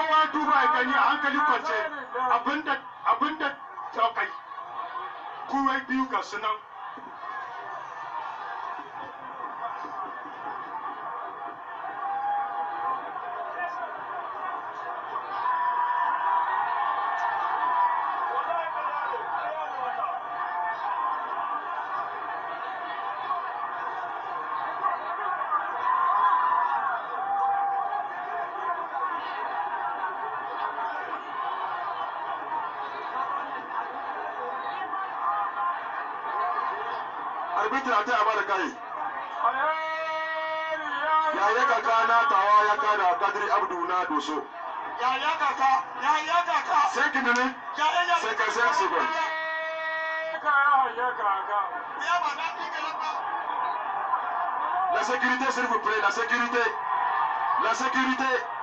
kowa duba ya gani a hankali kwance abinda abinda ta kai biyu ga sunan arbitra ta amara kai yaya kaka na tawa ya kada kadiri abdu na doso yaya kaka yaya kaka sai kidini sai ka sai sigon La sécurité, s'il vous plaît, la sécurité. La sécurité.